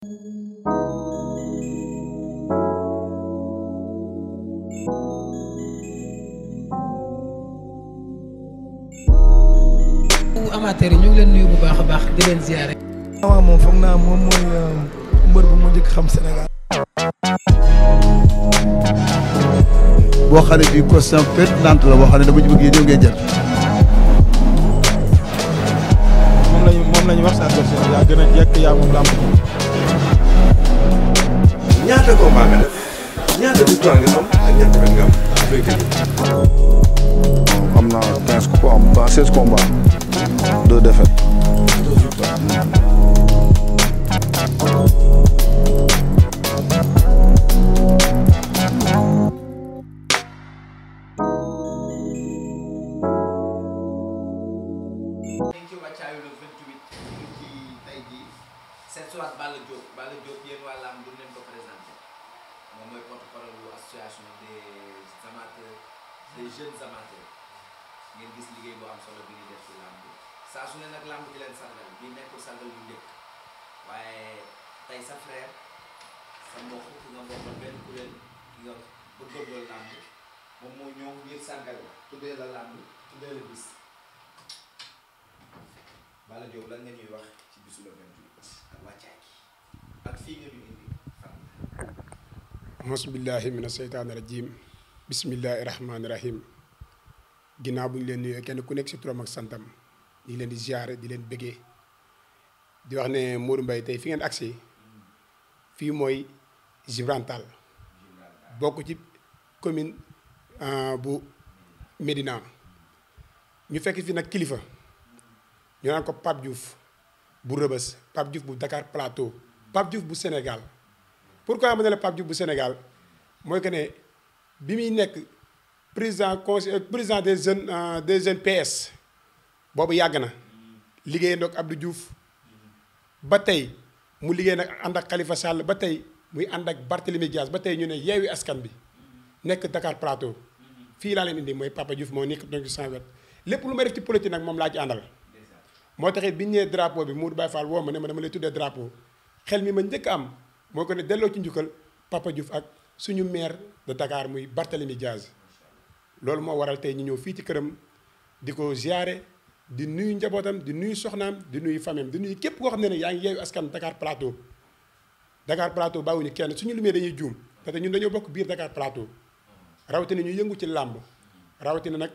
amateur yi ñu ngi nuyu bu baax a baax di leen ziare. Ah, waaw moom foog naa moom mooy euh, mbër bu ma njëkk xam Sénégal. boo xam ne bii question pertinente la boo xam ne dama ngeen jël. moom lañu wax sa adversaire yaa gën a jekk yaa moom làmb ñaata combat nga def ñaata victoire nga am ak ñaata nga am am na quinze combats seize combats deux défaites. ngeen gis liggéey bu am solo bi ñuy def ci làmb saa su ne nag làmb di leen sargal bi nekkul sargal bu njëkk waaye tey sa frère sa mbokk ki nga bokkal benn kuréel ki nga bëggal loolu làmb moom moo ñëw ngir sargal la tuddee la làmb tuddee la bis Balla Diop lan ñuy wax ci bisu la benn ak wàccaay ak fii nga ñu indi fan mos billahi mina seytaani rajim bismillahi rahmaani rahim ginnaaw bu ñu leen nuyoo kenn ku nekk si turam ak santam di leen di ziare di leen bëggee di wax ne Modou mbay tey fi ngeen agsi fii mooy Gibraltar bokk ci commune ah, bu Médina ñu fekk fi nag kilifa ñu naan ko Pape Diouf bu Rëbës Pape Diouf bu Dakar Plateau Pape Diouf bu Sénégal pourquoi ma ne la Pape Diouf bu Sénégal mooy que ne bi muy nekk. président conseil euh, président des jeunes euh, des jeunes PS boobu yàgg na liggéey nag Abdou juuf ba tey mu liggéey nag ànd ak kalifa Sall ba tey muy ànd ak Barthélemy Dias ba tey ñu ne yeewi askan bi nekk Dakar Plateau fii laa leen indi mooy Papa Diouf moo nekk donc sans wet lépp lu may def ci politique nag moom laa ci àndal. moo taxit bi ñu nee drapeau bi Mourou Baye Fall woo ma ne ma dama lay tuddee drapeau xel mi ma njëkk am moo ko ne delloo ci njukkal Papa Diouf ak suñu maire de Dakar muy Barthélemy Dias. loolu moo waral tey ñi ñëw fii ci këram di ko ziare di nuyu njabootam di nuyu soxnaam di nuyu famem di nuyu képp koo xam ne ne yaa ngi yeewu askan Dakar Plateau Dakar Plateau bàyyiwuñu kenn suñu lumee dañuy juum parce que ñun dañoo bokk biir Dakar Plateau rawatina ñu yëngu ci làmb rawatina nag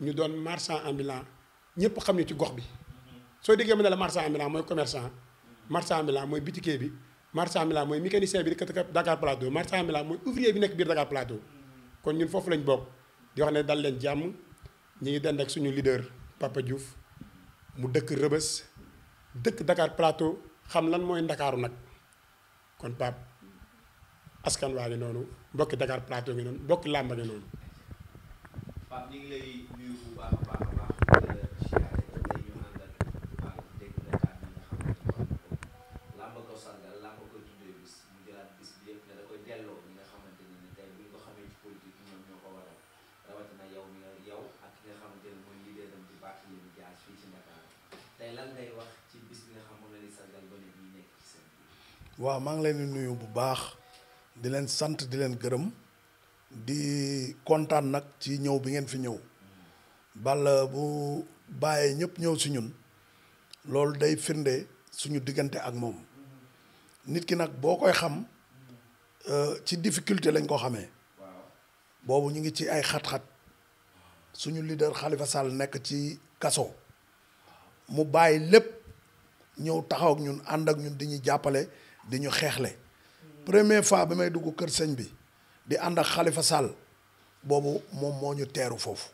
ñu doon marchand ambulant ñëpp xam ni ci gox bi soo déggee ma ne la marchand ambulant mooy commerçant marchand ambulant mooy boutiquier bi marchand ambulant mooy mécanicien bi di Dakar Plateau marchand ambulant mooy ouvrier bi nekk biir kon ñun foofu lañ bokk di wax ne dal leen jàmm ñi ngi dend ak suñu leader Papa Diouf mu dëkk Rëbës dëkk Dakar Plateau xam lan mooy ndakaaru nag kon pap askan waa ngi noonu mbokki Dakar Plateau ngi noonu mbokki làmba noonu. waaw maa ngi leen di nuyu bu baax di leen sant di leen gërëm di kontaan nag ci ñëw bi ngeen fi ñëw Balla bu bàyyee ñëpp ñëw si ñun loolu day firnde suñu diggante ak moom nit ki nag boo koy xam euh, ci difficulté lañ koo xamee boobu ñu ngi ci ay xat-xat suñu leader xalifa Sall nekk ci kaso mu bàyyi lépp ñëw taxaw ak ñun ànd ak ñun di ñu jàppale di ñu xeexle première fois bi may dugg kër sëñ bi di ànd ak xalifa Sall boobu moom moo ñu teeru foofu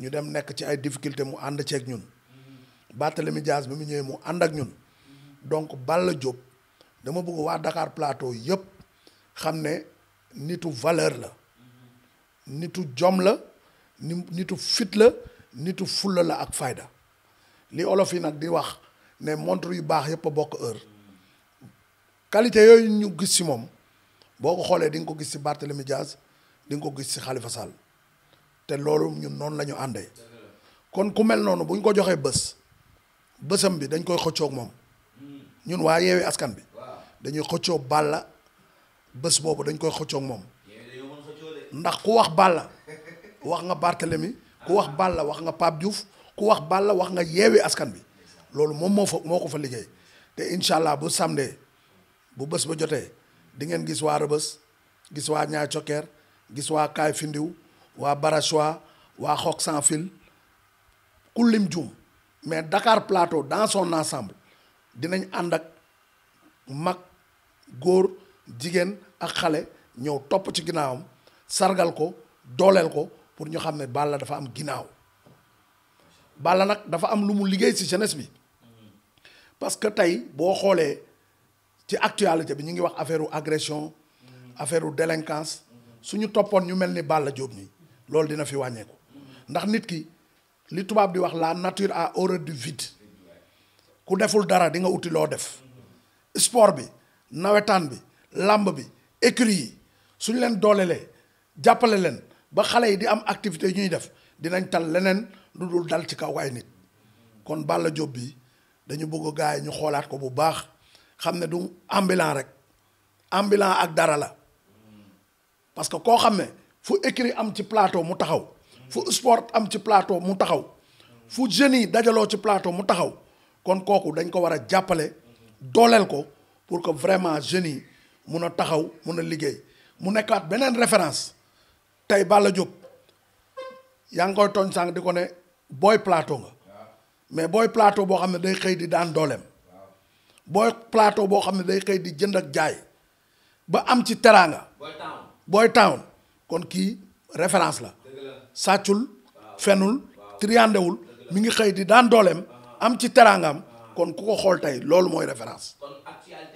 ñu dem nekk ci ay difficulté mu ànd ceeg ñun Barthélémy Dias bi mu ñëwee mu ànd ak ñun donc Balla Diop dama bëgg waa Dakar Plateau yépp xam ne nitu valeur la nitu jom la nitu fit la nitu fulla la ak fayda li olof yi nag di wax ne montre yu baax yépp a bokk heure qualité yooyu ñu gis si moom boo ko xoolee di nga ko gis si Barthélemy Dias di nga ko gis si Khalifa saal te loolu ñun noonu la ñu àndee kon ku mel noonu bu ñu ko joxee bës bësam bi dañ koy xëccook moom ñun waa yeewee askan bi dañuy xëccoo Balla bës boobu dañ koy xëccoog moom ndax ku wax Balla wax nga Barthélemy ku wax Balla wax nga Pape Diouf ku wax Balla wax nga yeewee askan bi loolu moom moo fa moo ko fa liggéey te incha allah bu samdee bu bës ba jotee di ngeen gis waa Rëbës gis waa ñaa cokkeer gis waa kaay findiw waa Baraswa waa xook sans fil ku lim mais Dakar Plateau dans son ensemble dinañ ànd ak mag góor jigéen ak xale ñëw topp ci ginnaawam sargal ko dooleel ko pour ñu xam ne Balla dafa am ginnaaw Balla nag dafa am lu mu liggéey ci genes bi parce tey boo xoolee ci actualité bi ñu ngi wax affaire u agression affaire u délinquance suñu toppoon ñu mel ni Balla jóob nii loolu dina fi wàññeeku ndax nit ki li tubaab di wax la nature à horreur du vide ku deful dara di nga uti loo def sport bi nawetaan bi làmb bi écurie yi suñu leen doolelee jàppale leen ba xale yi di am activité yu ñuy def dinañ tal leneen lu dul dal ci kaw ay nit kon Balla Diop bi dañu bëgg gaay ñu xoolaat ko bu baax xam ne du ambulant rek ambulant ak dara la parce que koo xam ne fu écrit am ci plateau mu taxaw fu sport am ci plateau mu taxaw fu jeunes yi dajaloo ci plateau mu taxaw kon kooku dañ ko war a jàppale dooleel ko pour que vraiment jeunes yi mun a taxaw mun a liggéey mu nekkaat beneen référence tey Balla jóg yaa ngi koy tooñ sànq di ko ne booy plateau nga mais booy plateau boo xam ne day xëy di daan dooleem booy plateau boo xam ne day xëy di jënd ak jaay ba am ci teraanga. booy town kon kii référence la. sàccul fenul triandewul mi ngi xëy di daan dooleem uh-huh. am ci teraangam kon ku ko xool tey loolu mooy référence. kon actualité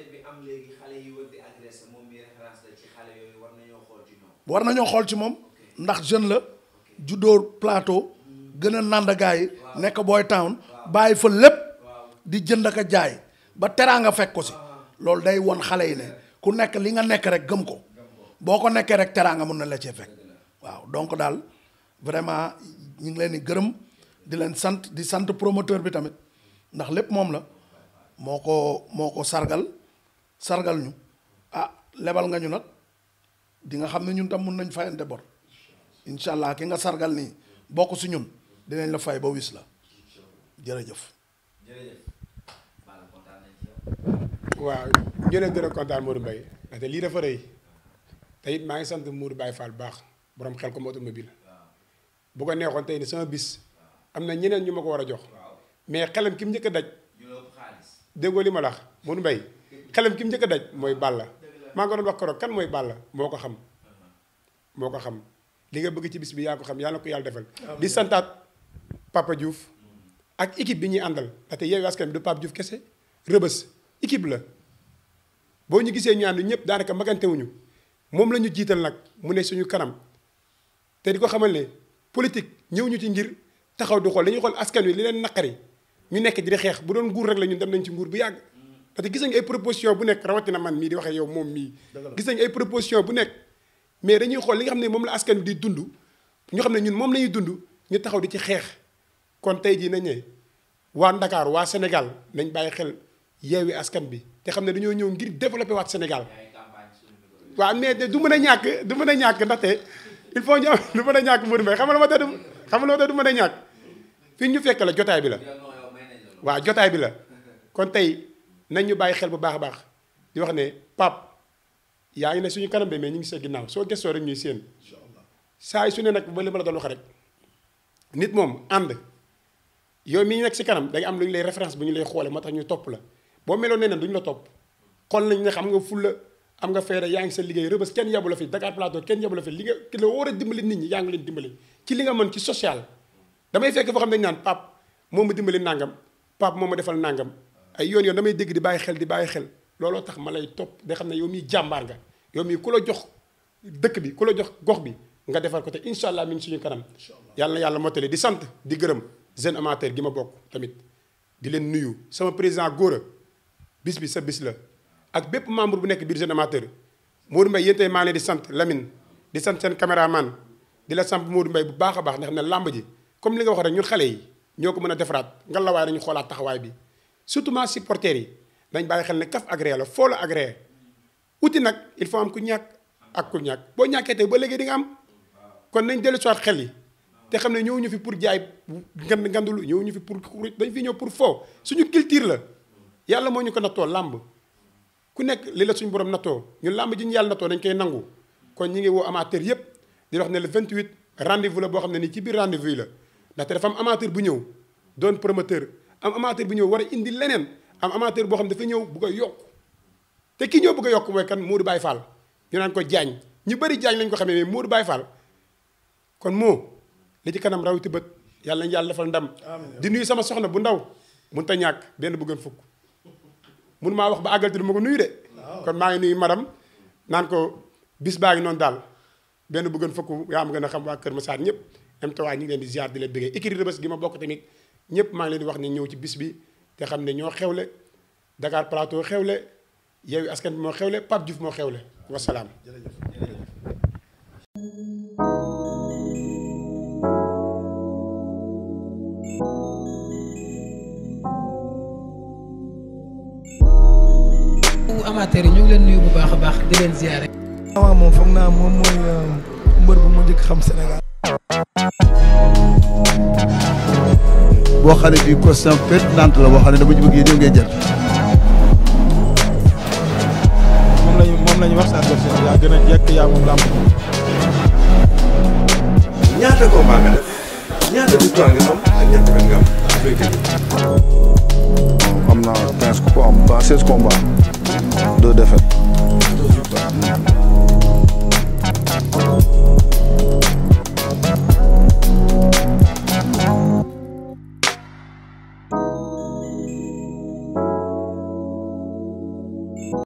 war nañoo xool ci moom. ndax jeune la juddoo plateau mm. gën a nand gaay nekk booy town bàyyi fa lépp di jënd ak a jaay. ba teraanga fekk ko si loolu day won xale yi ne ku nekk li nga nekk rek gëm ko boo ko nekkee rek teraanga mun na la cee fekk waaw donc daal vraiment ñu ngi leen di gërëm di leen sant di sant promoteur bi tamit ndax lépp moom la moo ko moo ko sargal sargal ñu ah lebal nga ñu nag di nga xam ne ñun tam mun nañ fayante bor incha allah ki nga sargal nii bokk si ñun dinañ la fay ba wis la jërëjëf. jërëjëf. waaw ñu leen gën a kontaan Modou Mbaye ndaxte lii dafa rëy te maa ngi sant Modou Baye Fall baax boroom xel comme automobile bu ko neexoon tey ni sama bis am na ñeneen ñu ma ko war a jox mais xelam ki mu njëkk a daj déggoo li ma lax Modou Mbaye xelam ki mu njëkk a daj mooy Balla maa ngi ko doon wax kan mooy la moo ko xam moo ko xam li nga bëgg ci bis bi yaa ko xam yàlla na ko yàlla defal di santaat Papa Diouf ak équipe bi ñuy àndal ndaxte Yewwi Askan Wi kese rëbës équipe la boo ñu gisee ñu ànd ñëpp daanaka magantewuñu moom la ñu jiital nag mu ne suñu kanam te di ko xamal ne politique ñëw ñu ci ngir taxaw du xool dañuy xool askan wi li leen naqari ñu nekk di xeex bu doon nguur rek la ñun dem nañ ci nguur bu yàgg. parce que gis nañ ay proposition bu nekk rawatina man mii di waxee yow moom mii. gis nañ ay proposition bu nekk mais dañuy xool li nga xam ne moom la askan wi di dundu ñu xam ne ñun moom lañuy dund ñu taxaw di ci xeex kon tey jii nañ waa Ndakaar waa Sénégal nañ bàyyi xel. yeewi askan bi te xam ne dañoo ñëw ngir développer waat Sénégal waaw mais du mën a ñàkk du mën a ñàkk ndaxte il faut ñu am mën a ñàkk Modou Mbaye xam nga lu ma tax du xam nga du mën a ñàkk fi ñu fekk la jotaay bi la waa jotaay bi la kon tey nañ ñu bàyyi xel bu baax a baax di wax ne Pape yaa ngi ne suñu kanam bi mais ñu ngi sa ginnaaw soo gëstoo rek ñuy séen saa yi su ne nag ba li ma la doon wax rek nit moom ànd yow mi ñu nekk si kanam da am lu ñu lay référence bu ñu lay xoolee moo tax ñu topp la boo meloon neneen duñu la topp xool nañ ne xam nga fulla am nga feere yaa ngi sa liggéey rëbës kenn yabu la fi Dakar Plateau kenn yabu la fi li nga ki la war a dimbali nit ñi yaa ngi leen dimbali ci li nga man ci social damay fekk foo xam ne dañ naan pap moom ma dimbali nangam pap moo ma defal nangam ay yoon yoon damay dégg di bàyyi xel di bàyyi xel looloo tax ma lay topp da xam ne yow miy jàmbaar nga yow mii ku la jox dëkk bi ku la jox gox bi nga defar ko te incha allah mi ngi suñu kanam yàlla yàlla mottali di sant di gërëm jeune amateur gi ma bokk tamit di leen nuyu sama président Gora bis bi sa bis la ak bépp membre bu nekk biir jeune amateur Modou Mbaye yéen tey maa ngi leen di sant Lamine di sant seen caméraman di la sant Modou Mbaye bu baax a baax ndax ne làmb ji comme li nga wax rek ñun xale yi ñoo ko mën a defaraat nga la waay nañu xoolaat taxawaay bi surtout ma supporters yi dañ bàyyi xel ne kaf agréé la foo la agréé uti nag il faut am ku ñàkk ak ku ñàkk boo ñàkkee tey ba léegi di nga am kon nañ dellu soit xel yi te xam ne ñëwuñu fi pour jaay ngand ngandulu ñëwuñu fi pour dañ fi ñëw pour foo suñu culture la yàlla moo ñu ko nattoo làmb ku nekk li la suñu borom nattoo ñu làmb ji ñu yàlla nattoo dañ koy nangu kon ñi ngi woo amateur yëpp di wax ne le 28 rendez-vous la boo xam ne nii ci biir rendez-vous la ndaxte dafa am amateur bu ñëw doon promoteur am amateur bu ñëw war a indi leneen am amateur boo xam ne dafa ñëw bugg a yokk te ki ñëw bëgg a yokk mooy kan Modou Baye Fall ñu naan ko jaañ ñu bëri jaañ lañ ko xamee mais Modou Baye faal kon moo li ci kanam rawiti bët yàlla nañ yàlla ndam di nuyu sama soxna bu ndaw mënut a ñàkk benn bëggoon fukk mun maa wax ba àggal te du ma ko nuyu de. kon maa ngi nuyu madam naan ko bis baa ngi noonu daal benn bu gën fukk yaa ma gën a xam waa Kër Massar ñëpp. MTOA ñu ngi leen di ziar di leen bëggee écurie Rebeuss gi ma bokk tamit ñëpp maa ngi leen di wax ni ñëw ci bis bi te xam ne ñoo xewle Dakar Plateau xewle Yewwi Askan Wi moo xewle Pape Diouf moo xewle wasalaam. supporters yi ñu ngi leen nuyu bu baax a baax di leen ziare. waaw moom foog naa moom mooy euh, mbër bu mu njëkk xam Sénégal. boo xam ne bii question pertinente la boo xam ne dama ci bëgg yéen ñëw ngay jël. moom lañu moom lañu wax sa adversaire yaa gën a jekk yaa moom làmb. ñaata combat nga def ñaata victoire nga am ak ñaata nga am am naa 15 combat 16 combat. deux défaites.